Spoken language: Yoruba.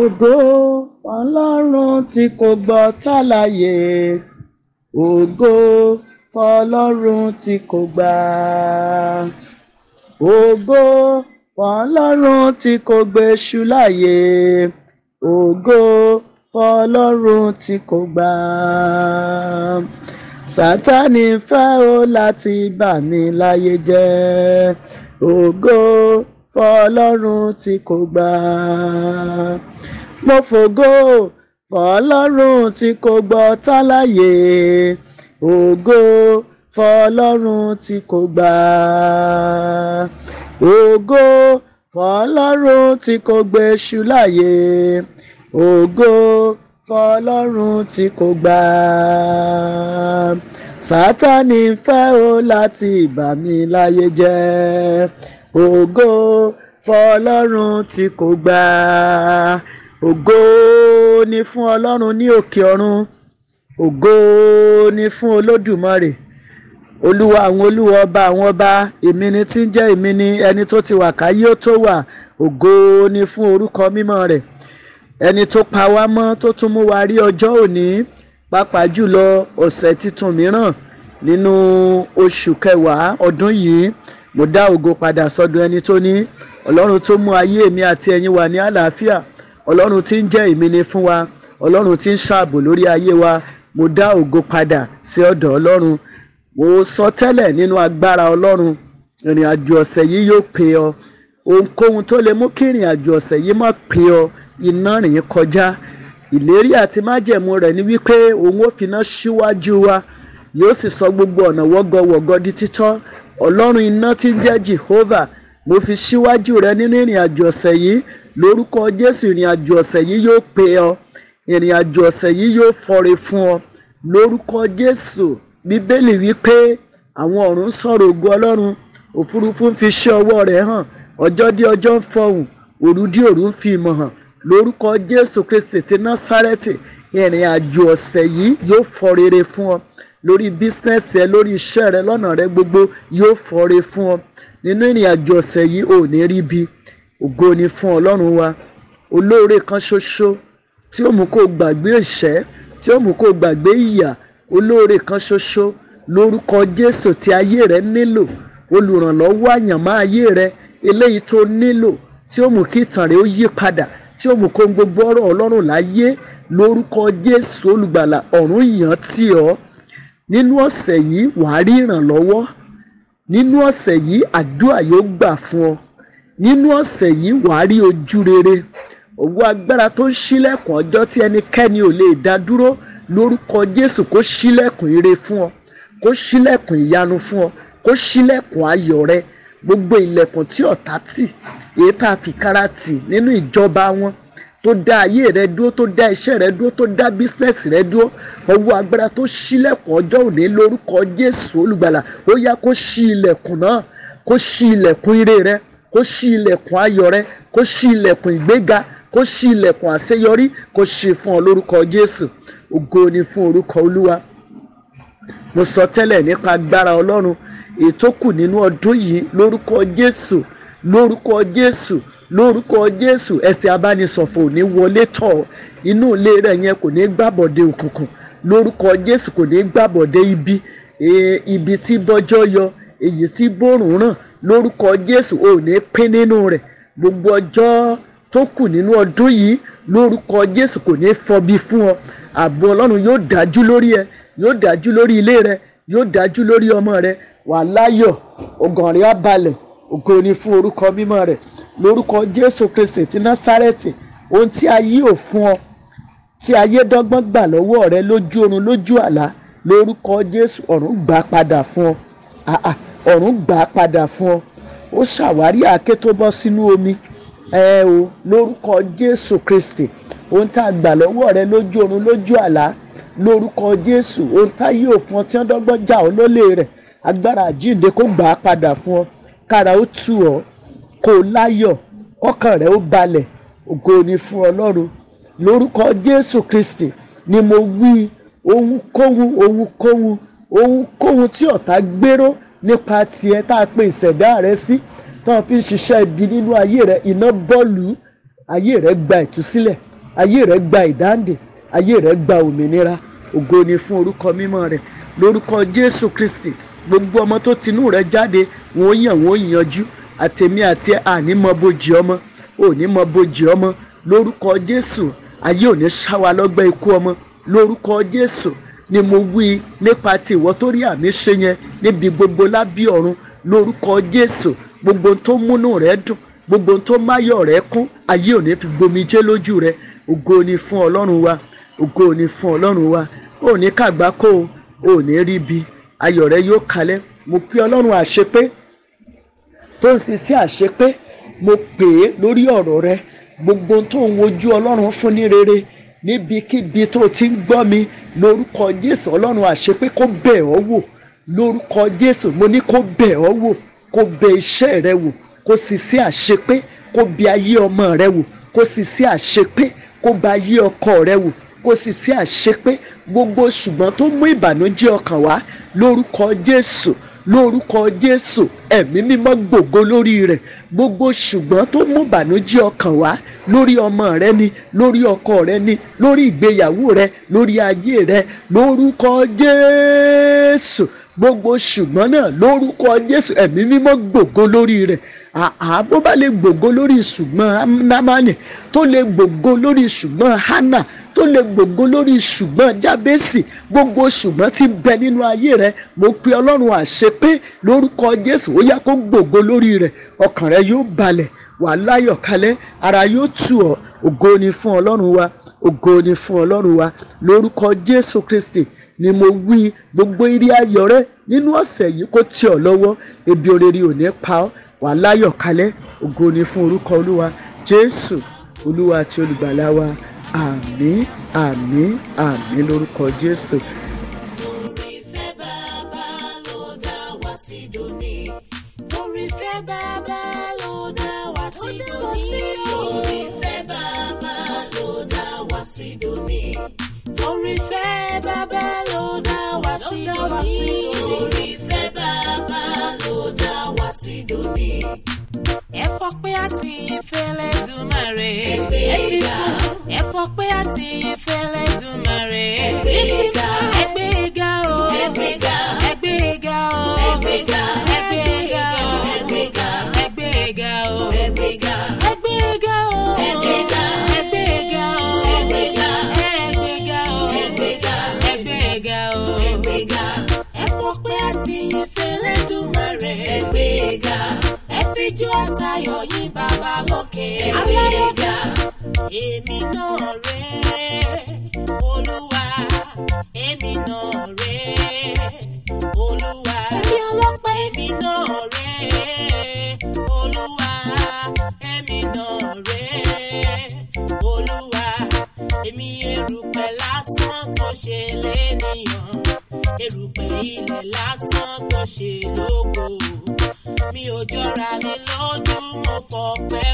Ògo fọlọ́run tí kò gbọ́ tàlàyé. Ògo fọlọ́run tí kò gbà. Ògo fọlọ́run tí kò gbéṣu láyé. Ògo fọlọ́run tí kò gbà. Sátánì fẹ́ o láti bà mí láyé jẹ́. Ògo fọlọ́run tí kò gbà mo fògo fọlọ́run tí kò gbọ́ táláyé ògo fọlọ́run tí kò gbà ògo fọlọ́run tí kò gbéṣù láyé ògo fọlọ́run tí kò gbà sátani fẹ́ o láti bà mí láyé jẹ́ ògo fọlọ́run tí kò gbà ògo ni fún ọlọ́run ní òkè ọ̀run ògo ni fún olódùmarè olúwa àwọn olúwa ọba àwọn ọba èmi ni tí ń jẹ́ èmi ni ẹni tó ti wà káyé ó tó wà ògo ni fún orúkọ mímọ́ rẹ̀ ẹni tó pa wá mọ́ tó tún mú wa rí ọjọ́ òní pàápàá jùlọ ọ̀sẹ̀ tuntun mìíràn nínú oṣù kẹwàá ọdún yìí mo dá ògo padà sọ́dọ̀ ẹni tó ní ọlọ́run tó mú ayé mi àti ẹ̀yin wà ní àlàáfíà ọlọ́run tí ń jẹ́ ìmíní fún wa ọlọ́run tí ń ṣààbò lórí ayé wa mo dá ògo padà sí ọ̀dọ̀ ọlọ́run mo sọ tẹ́lẹ̀ nínú agbára ọlọ́run ìrìn àjò ọ̀sẹ̀ yìí yóò pè ọ́ ohunkóhun tó lè mú kí ìrìn àjò ọ̀sẹ̀ yìí má pè ọ́ iná rìn kọjá ìlérí àti májẹ̀mú rẹ̀ ni wípé òun ó finá síwájú wa yóò sì sọ gbogbo ọ̀nà wọ́gọ́wọ́gọ́ di títọ́ ọlọ́run iná tí ń jẹ́ Jehovah mo fi síwájú rẹ nínú ìrìn àjò ọ̀sẹ̀ yìí lórúkọ jésù ìrìn àjò ọ̀sẹ̀ yìí yóò pè ọ ìrìn àjò ọ̀sẹ̀ yìí yóò fọre fún ọ lórúkọ jésù bíbélì wípé àwọn ọ̀run sọ̀rọ̀ ògo ọlọ́run òfurufú ń fi ṣe ọwọ́ rẹ̀ hàn ọjọ́ dí ọjọ́ ń fọhùn òru dí òru ń fi ìmọ̀ hàn lórúkọ jésù kristi ti násárẹ́tì ìrìn àjò ọ̀sẹ̀ yìí yóò fọ fún ọ lórí business, ẹ lórí iṣẹ́ rẹ lọ́nà rẹ gbogbo yóò fọ́re fún ọ nínú ìrìn àjò ọ̀sẹ̀ yìí ò ní rí bi ògo ni fún ọlọ́run wa olóore kan ṣoṣo tí ó mú kó gbàgbé ìṣẹ́ tí ó mú kó gbàgbé ìyà olóore kan ṣoṣo lórúkọ jésù tí ayé rẹ nílò olùrànlọ́wọ́ àyànmọ́ ayé rẹ eléyìí tó nílò tí ó mú kí ìtàn rẹ ó yí padà tí ó mú kó gbogbo ọ̀rọ̀ ọlọ́run láyé lórúkọ jésù olùgbàlà ọ̀run yàn tí ọ́ nínú ọ̀sẹ̀ yìí wàá rí ìrànlọ́wọ́ nínú ọ̀sẹ̀ yìí àdúrà yóò gbà fún ọ nínú ọ̀sẹ̀ yìí wàá rí ojú rere òwú agbára tó ń ṣílẹ̀kùn ọjọ́ tí ẹnikẹ́ni ò lè dá dúró lórúkọ Jésù kó ṣílẹ̀kùn ire fún ọ kó ṣílẹ̀kùn ìyanu fún ọ kó ṣílẹ̀kùn ayọ̀ rẹ gbogbo ilẹ̀kùn tí ọ̀tá tì èyí tá a fi kára tì nínú ìjọba wọn tó dá ayé rẹ dúró tó dá iṣẹ́ rẹ dúró tó dá bísínẹ́sì rẹ dúró ọwọ́ agbára tó ṣílẹ̀kùn ọjọ́ òní lórúkọ Jésù olùgbàlà ó yá kó ṣí ilẹ̀kùn náà kó ṣí ilẹ̀kùn ire rẹ kó ṣí ilẹ̀kùn ayọ̀ rẹ kó ṣí ilẹ̀kùn ìgbéga kó ṣí ilẹ̀kùn àṣeyọrí kó ṣí fún ọ lórúkọ Jésù ògo ni fún orúkọ Olúwa mo sọ tẹlẹ nípa agbára ọlọrun ètò kù nínú ọdún yìí lórúkọ Jésù lórúkọ Jésù lórúkọ jésù ẹsẹ̀ abánisọ̀fọ̀ ò ní wọlé tọ̀ inú ilé rẹ̀ yẹn kò ní gbàbọ̀dé òkùnkùn lórúkọ jésù kò ní gbàbọ̀dé ibi e, ibi tí bọ́jọ́ yọ èyí tí bòrùn ràn lórúkọ jésù ò ní pín nínú rẹ̀ gbogbo ọjọ́ tó kù nínú ọdún yìí lórúkọ jésù kò ní fọbi fún ọ ààbò ọlọ́run yóò dájú lórí ẹ yóò dájú lórí ilé rẹ yóò dájú lórí ọmọ rẹ wà láyọ̀ ọgàn rẹ ògo ni fún orúkọ mímọ́ rẹ̀ lórúkọ jésù kristi ti násárẹ́tì ohun tí ayé ò fún ọ tí ayé dọ́gbọ́n gbà lọ́wọ́ rẹ lójú oorun lójú àlá lórúkọ jésù ọ̀run gbà padà fún ọ ọ̀run gbà padà fún ọ ó ṣàwárí àáké tó bọ́ sínú omi ẹ o lórúkọ jésù kristi ohun tá a gbà lọ́wọ́ rẹ lójú oorun lójú àlá lórúkọ jésù ohun tá yìí ò fún ọ tí wọ́n dọ́gbọ́n jà ọ lólè rẹ̀ agbára àjíǹde kó gbà padà fún ọ kára ó tù ọ kó o láyọ̀ ọkàn rẹ ó balẹ̀ ògo ni fún ọlọ́run lórúkọ jésù kristi ni mo wí ohunkóhun ohunkóhun ohunkóhun tí ọ̀tá gbéró nípa tiẹ̀ tá a pe ìṣẹ̀dá rẹ sí tó o fi ń ṣiṣẹ́ ibi nínú ayé rẹ iná bọ́ọ̀lù ayé rẹ gba ìtúsílẹ̀ ayé rẹ gba ìdáǹdè ayé rẹ gba òmìnira ògo ni fún orúkọ mímọ́ rẹ lórúkọ jésù kristi gbogbo ọmọ tó tinú rẹ jáde wọn ó yàn wọn ó yanjú àtẹ̀mí àti àní mọ bójì ọmọ òní mọ bójì ọmọ lórúkọ Jésù ayé òní ṣáwa lọ́gbẹ́ ikú ọmọ lórúkọ Jésù ni mo wí nípa ti ìwọ tó rí àmì ṣe yẹn níbi gbogbo lábí ọ̀run lórúkọ Jésù gbogbo tó múnú rẹ dùn gbogbo tó máyọ̀ rẹ kún ayé òní fi gbomijé lójú rẹ ògo ni fún Ọlọ́run wa ògo ni fún Ọlọ́run wa òní kàgbákò òní ríbi ayọ̀ rẹ yóò kalẹ̀ mo pé Ọlọ́run àṣepé tó ń sin sí àṣepé mo pè é lórí ọ̀rọ̀ rẹ gbogbo tó ń wojú ọlọ́run fún ní rere níbikíbi tó ti ń gbọ́ mi lórúkọ jésù ọlọ́run àṣepé kó bẹ̀ ọ́ wò lórúkọ jésù mo ní kó bẹ̀ ọ́ wò kó bẹ̀ iṣẹ́ rẹ wò kó sì sí àṣepé kó bẹ̀ ayé ọmọ rẹ wò kó sì sí àṣepé kó bẹ̀ ayé ọkọ rẹ wò kò sì sí àṣepé gbogbo ṣùgbọ́n tó mú ìbànújẹ́ ọkàn wá lórúkọ Jésù lórúkọ Jésù ẹ̀mí mímọ́ gbògo lórí rẹ̀ gbogbo ṣùgbọ́n tó mú ìbànújẹ́ ọkàn wá lórí ọmọ rẹ ni lórí ọkọ rẹ ni lórí ìgbéyàwó rẹ lórí ayé rẹ lórúkọ Jésù gbogbo ṣùgbọ́n náà lórúkọ Jésù ẹ̀mí mímọ́ gbògo lórí rẹ̀ àá bó bá lè gbògo lórí ṣùgbọ́n námánì tó lè gbògo lórí ṣùgbọ́n hánà tó lè gbògo lórí ṣùgbọ́n jábẹ́sì gbogbo ṣùgbọ́n ti bẹ nínú ayé rẹ mo pe ọlọ́run àṣepé lórúkọ jésù ó yá kó gbògo lórí rẹ ọkàn rẹ yóò balẹ̀ wà láyọ̀ kalẹ̀ ara yóò tù ọ́ ògo ni fún ọlọ́run wa ògo ni fún ọlọ́run wa lórúkọ jésù kristi ni mo wí gbogbo ire ayọ̀ rẹ nínú ọ̀sẹ̀ yìí kó tì lọ́wọ́ ebi orere ò pa ọ́ wà láyọ̀ kalẹ̀ ògo ni fún orúkọ olúwa jésù olúwa àti olùgbàlà wa àmín àmín àmín lórúkọ jésù we are different. èmi náà rè é olúwa èmi náà rè é olúwa èmi erùpẹ̀ lásán tó ṣe mi ò jọra mi lójú mo fọpẹ́.